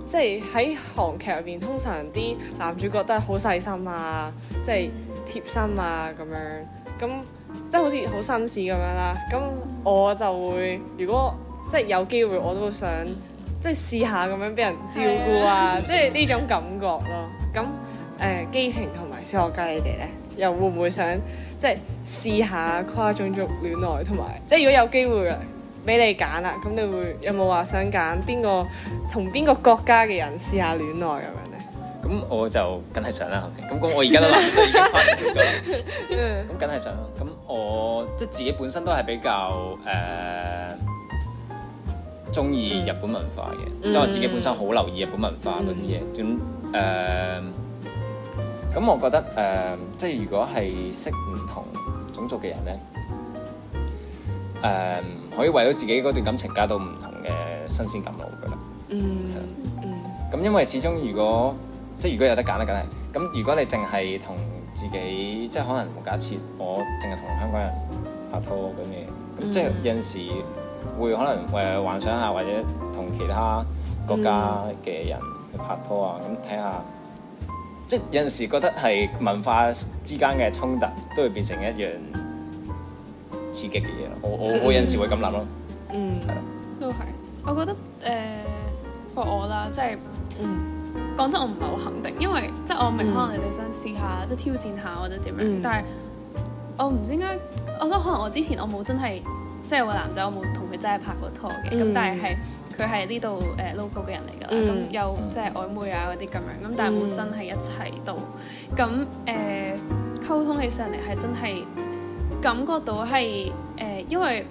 即係喺韓劇入邊，通常啲男主角都係好細心啊，即係貼心啊，咁樣咁即係好似好紳士咁樣啦。咁我就會如果即係有機會，我會，我都想即係試下咁樣俾人照顧啊， 即係呢種感覺咯。咁誒、呃，機坪同埋小學雞你哋咧，又會唔會想？即係試下跨種族戀愛，同埋即係如果有機會俾你揀啦，咁你會有冇話想揀邊個同邊個國家嘅人試下戀愛咁樣咧？咁我就梗係想啦，係咪？咁講我而家都諗翻嚟咗啦，咁梗係想。咁我即係自己本身都係比較誒中意日本文化嘅，即係我自己本身好留意日本文化嗰啲嘢，點誒？咁我覺得誒、呃，即係如果係識唔同種族嘅人咧，誒、呃、可以為到自己嗰段感情加到唔同嘅新鮮感我覺得，嗯，的嗯。咁因為始終如果即係如果有得揀咧，梗係咁。如果你淨係同自己，即係可能假設我淨係同香港人拍拖咁嘅，咁即係有陣時會可能誒、呃、幻想下，或者同其他國家嘅人去拍拖啊，咁睇下。嗯看看。即有陣時覺得係文化之間嘅衝突，都會變成一樣刺激嘅嘢咯。我我我有陣時會咁諗咯。嗯，係咯都係。我覺得誒，for、呃、我啦，即係講、嗯、真，我唔係好肯定，因為即係我明可能你哋想試下，嗯、即係挑戰下或者點樣。嗯、但係我唔知點解，我覺得可能我之前我冇真係，即係有個男仔我冇同佢真係拍過拖嘅。咁、嗯、但係係。佢係呢度誒 local 嘅人嚟㗎啦，咁、嗯、又、嗯、即係曖昧啊嗰啲咁樣，咁但係冇真係一齊到，咁誒、嗯呃、溝通起上嚟係真係感覺到係誒、呃，因為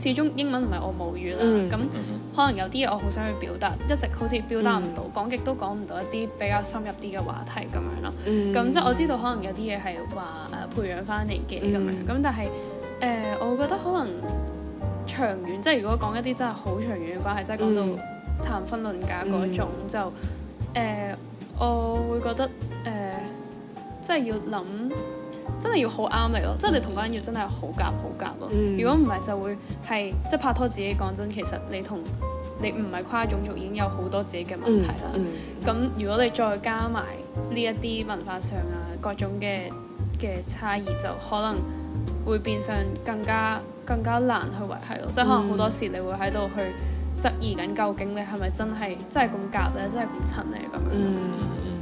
始終英文唔係我母語啦，咁、嗯、可能有啲嘢我好想去表達，一直好似表達唔到，講極、嗯、都講唔到一啲比較深入啲嘅話題咁樣咯，咁、嗯、即係我知道可能有啲嘢係話誒培養翻嚟嘅咁樣，咁、嗯、但係誒、呃、我覺得可能。長遠，即係如果講一啲真係好長遠嘅關係，嗯、即係講到談婚論嫁嗰種，嗯、就誒、呃，我會覺得誒、呃，即係要諗，真係要好啱、嗯、你咯，即係你同嗰人要真係好夾好夾咯。如果唔係，嗯、就會係即係拍拖。自己講真，其實你同你唔係跨種族已經有好多自己嘅問題啦。咁、嗯嗯、如果你再加埋呢一啲文化上啊各種嘅嘅差異，就可能會變相更加。更加難去維繫咯，嗯、即係可能好多時你會喺度去質疑緊究竟你係咪真係真係咁夾咧，真係咁襯咧咁樣，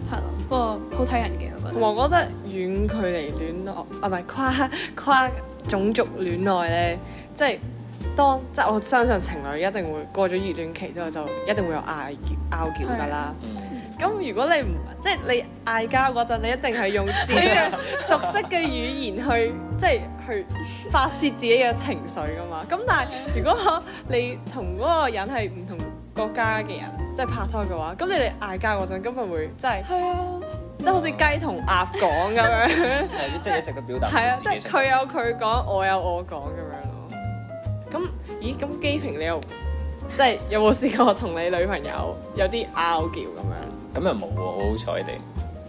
係咯、嗯嗯。不過好睇人嘅，我覺得。我覺得遠距離戀愛啊，唔係跨跨、跨種族戀愛咧，即係當即我相信情侶一定會過咗熱戀期之後，就一定會有嗌交拗撬㗎啦。的咁如果你唔即係你嗌交嗰陣，你一定係用自己熟悉嘅語言去即係 去發泄自己嘅情緒噶嘛。咁但係如果你同嗰個人係唔同國家嘅人，即係拍拖嘅話，咁你哋嗌交嗰陣，咁咪會，即係，係啊，即係好似雞同鴨講咁樣，即係一直都表達，係啊，即係佢有佢講，我有我講咁樣咯。咁咦？咁機坪你又即係有冇試過同你女朋友有啲拗撬咁樣。咁又冇喎，好好彩哋，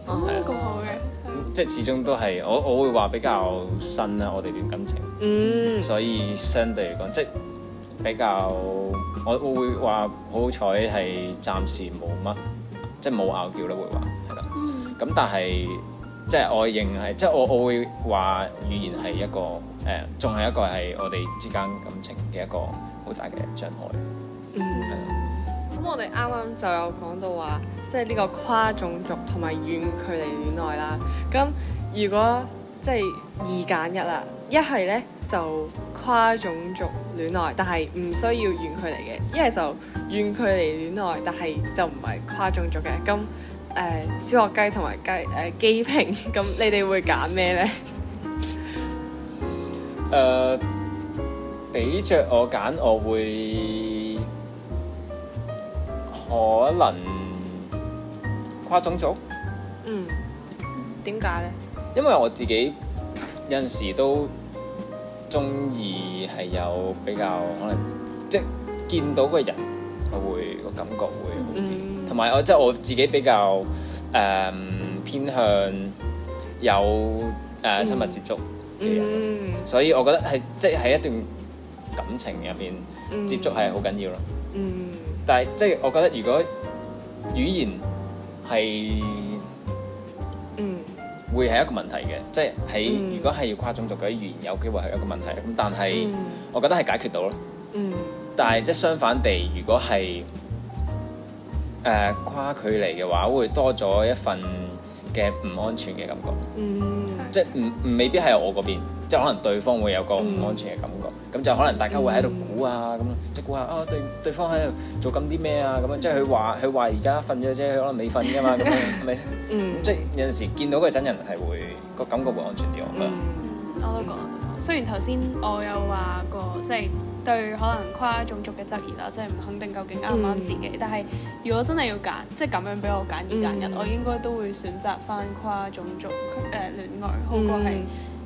哦咁好嘅，即係始終都係我我會話比較新啦，我哋段感情，嗯，mm. 所以相對嚟講，即係比較我我會話好彩係暫時冇乜，即係冇拗撬啦，會話係啦，咁、mm. 但係即係我認係即係我我會話語言係一個誒，仲、uh, 係一個係我哋之間感情嘅一個好大嘅障礙，嗯，係啦，咁我哋啱啱就有講到話。即係呢個跨種族同埋遠距離戀愛啦。咁如果即係二揀一啦，一係呢，就跨種族戀愛，但係唔需要遠距離嘅；一係就遠距離戀愛，但係就唔係跨種族嘅。咁誒、呃，小學雞同埋雞誒機坪，咁、呃、你哋會揀咩呢？誒，俾著我揀，我會可能。跨種族，嗯，點解咧？因為我自己有陣時都中意係有比較可能，即、就、係、是、見到個人，我會個感覺會好啲。同埋、嗯、我即係、就是、我自己比較誒、呃、偏向有誒親、呃、密接觸嘅人，嗯、所以我覺得係即係喺一段感情入邊，接觸係好緊要咯。嗯，嗯但係即係我覺得如果語言。係，是嗯，會係一個問題嘅，即係、嗯、如果係要跨種族嘅語言，有機會係一個問題，咁但係我覺得係解決到咯，嗯，但係即係相反地，如果係誒、呃、跨距離嘅話，會多咗一份嘅唔安全嘅感覺，嗯，即係唔，未必係我嗰邊，即係可能對方會有個唔安全嘅感覺，咁、嗯、就可能大家會喺度估啊，咁即係估下啊，對對方喺度做緊啲咩啊，咁啊、嗯，即係佢話佢話，而家瞓咗啫，佢可能未瞓噶嘛，係咪？即係有陣時見到個真人係會個感覺會安全啲，嗯、我覺得。我都講，雖然頭先我有話過即係。就是對可能跨種族嘅質疑啦，即係唔肯定究竟啱唔啱自己。但係如果真係要揀，即係咁樣俾我揀二揀一，我應該都會選擇返跨種族誒戀愛，好過係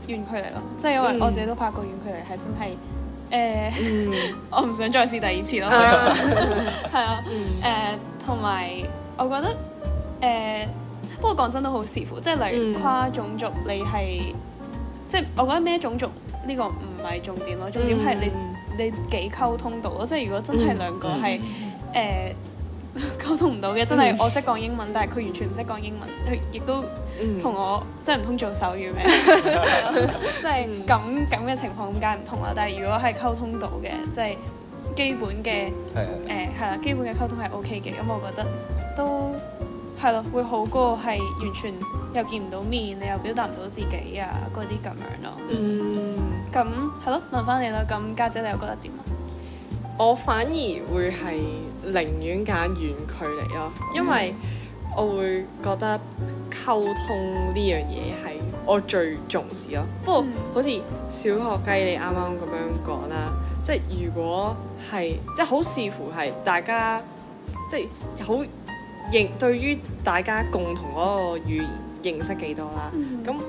遠距離咯。即係因為我自己都拍過遠距離，係真係誒，我唔想再試第二次咯。係啊，誒同埋我覺得誒，不過講真都好視乎，即係例如跨種族，你係即係我覺得咩種族呢個唔係重點咯，重點係你。你幾溝通到咯？即係如果真係兩個係誒、嗯呃、溝通唔到嘅，真係我識講英文，但係佢完全唔識講英文，佢亦都同我即係唔通做手語咩？即係咁咁嘅情況，梗係唔同啦。但係如果係溝通到嘅，即、就、係、是、基本嘅誒係啦，基本嘅溝通係 OK 嘅，咁我覺得都。係咯，會好過係完全又見唔到面，你又表達唔到自己啊，嗰啲咁樣咯、啊。嗯，咁係咯，問翻你啦，咁家姐,姐你又覺得點啊？我反而會係寧願揀遠距離咯，嗯、因為我會覺得溝通呢樣嘢係我最重視咯。嗯、不過好似小學雞你啱啱咁樣講啦、嗯，即係如果係即係好視乎係大家即係好。認對於大家共同嗰個語言認識幾多啦，咁誒、mm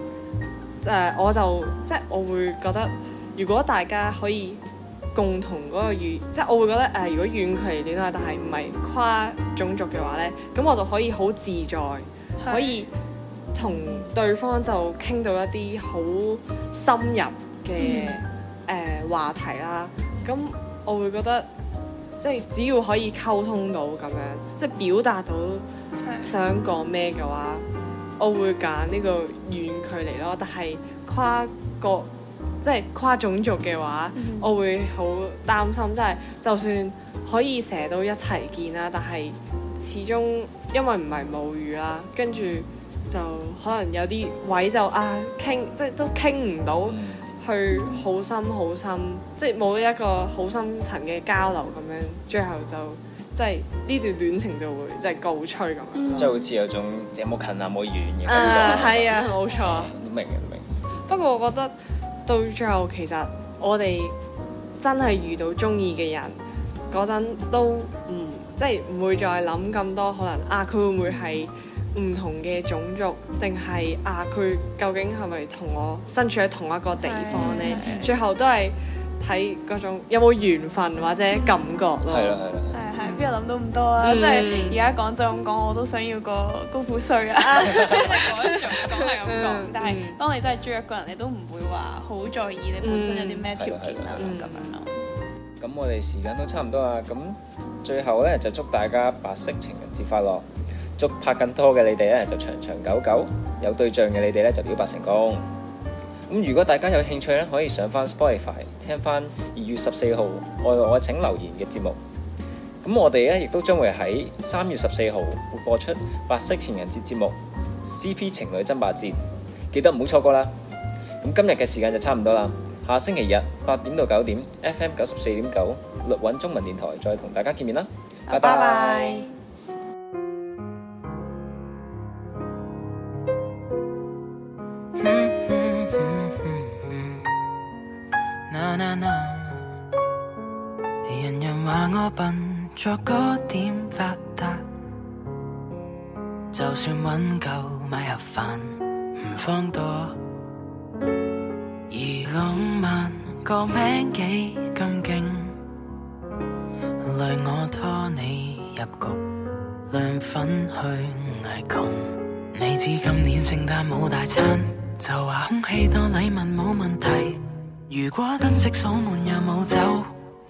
hmm. 呃、我就即係我會覺得，如果大家可以共同嗰個語言，即係我會覺得誒，如果遠距離戀愛但係唔係跨種族嘅話呢，咁我就可以好自在，可以同對方就傾到一啲好深入嘅誒話題啦，咁我會覺得。即係只要可以溝通到咁樣，即係表達到想講咩嘅話，我會揀呢個遠距離咯。但係跨國即係跨種族嘅話，嗯、我會好擔心。即係就算可以成日都一齊見啦，但係始終因為唔係母語啦，跟住就可能有啲位就啊傾，即係都傾唔到。嗯去好深好深，即係冇一個好深層嘅交流咁樣，最後就即係呢段戀情就會即係告吹咁樣。即係好似有種有冇近啊，冇遠嘅。啊，係、uh, 啊，冇錯、 嗯。都明嘅，都明。不過我覺得到最後其實我哋真係遇到中意嘅人嗰陣都唔，即係唔會再諗咁多，可能啊佢會唔會係？唔同嘅種族，定係啊佢究竟係咪同我身處喺同一個地方咧？的最後都係睇嗰種有冇緣分或者感覺咯。係啦係啦。係係，邊度諗到咁多啊？即係而家講就咁講，我都想要個高富帥啊！即係講一種咁嚟咁講，但係、 嗯、當你真係追一個人，你都唔會話好在意你本身有啲咩條件啊。咁、嗯嗯、樣咯。咁我哋時間都差唔多啦，咁最後咧就祝大家白色情人節快樂！祝拍緊拖嘅你哋咧就長長久久，有對象嘅你哋咧就表白成功。咁如果大家有興趣咧，可以上翻 Spotify 聽翻二月十四號愛我請留言嘅節目。咁我哋咧亦都將會喺三月十四號會播出白色情人節節目 CP 情侶爭霸戰，記得唔好錯過啦。咁今日嘅時間就差唔多啦，下星期日八點到九點 FM 九十四點九律韻中文電台再同大家見面啦，拜拜。作歌點發達，就算搵夠買盒飯唔慌多。而浪漫個名幾咁勁，累我拖你入局，兩粉去挨窮。你知今年聖誕冇大餐，就話空氣多禮物冇問題。如果燈飾鎖門又冇走。